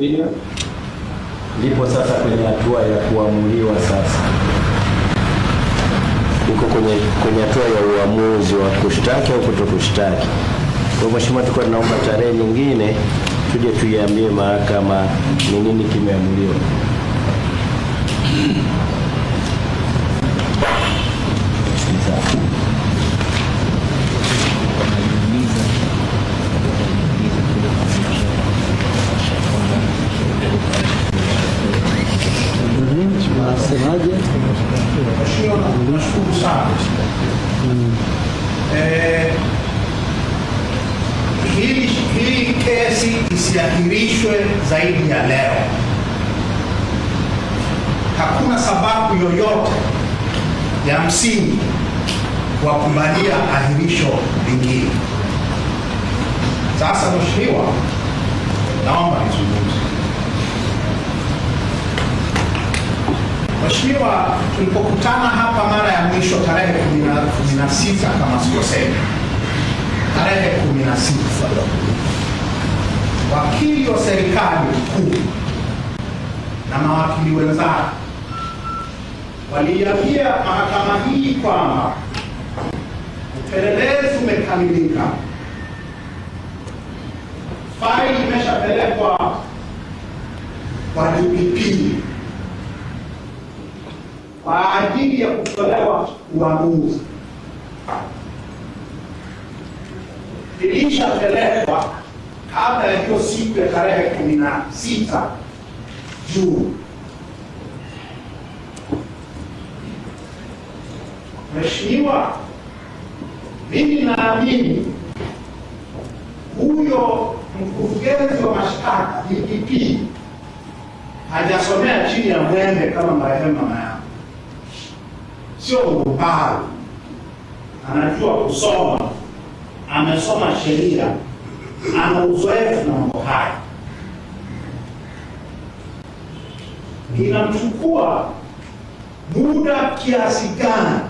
opinion, lipo sasa kwenye hatua ya kuamuliwa. Sasa uko kwenye kwenye hatua ya uamuzi wa kushtaki au kutokushtaki. Kwa mheshimiwa, tuko tunaomba tarehe nyingine tuje tuiambie mahakama ni nini kimeamuliwa. mm. Eh, hii hii kesi isiahirishwe zaidi ya leo. Hakuna sababu yoyote ya msingi wa kubalia ahirisho lingine. Sasa mheshimiwa, naomba nizungumze. Mheshimiwa, tulipokutana tarehe sita kama sikosema, tarehe 16 wakili wa serikali kuu na mawakili wenzake waliiambia mahakama hii kwamba upelelezi umekamilika, faili imeshapelekwa kwa DPP kwa ajili ya kutolewa uamuzi. Ilishapelekwa kabla ya hiyo siku ya tarehe kumi na sita Juni. Mheshimiwa, mimi naamini huyo mkurugenzi wa mashtaka DPP hajasomea chini ya mwembe kama marehemu mama yangu sio pale, anajua kusoma, amesoma sheria, ana uzoefu na mambo haya, inamchukua muda kiasi gani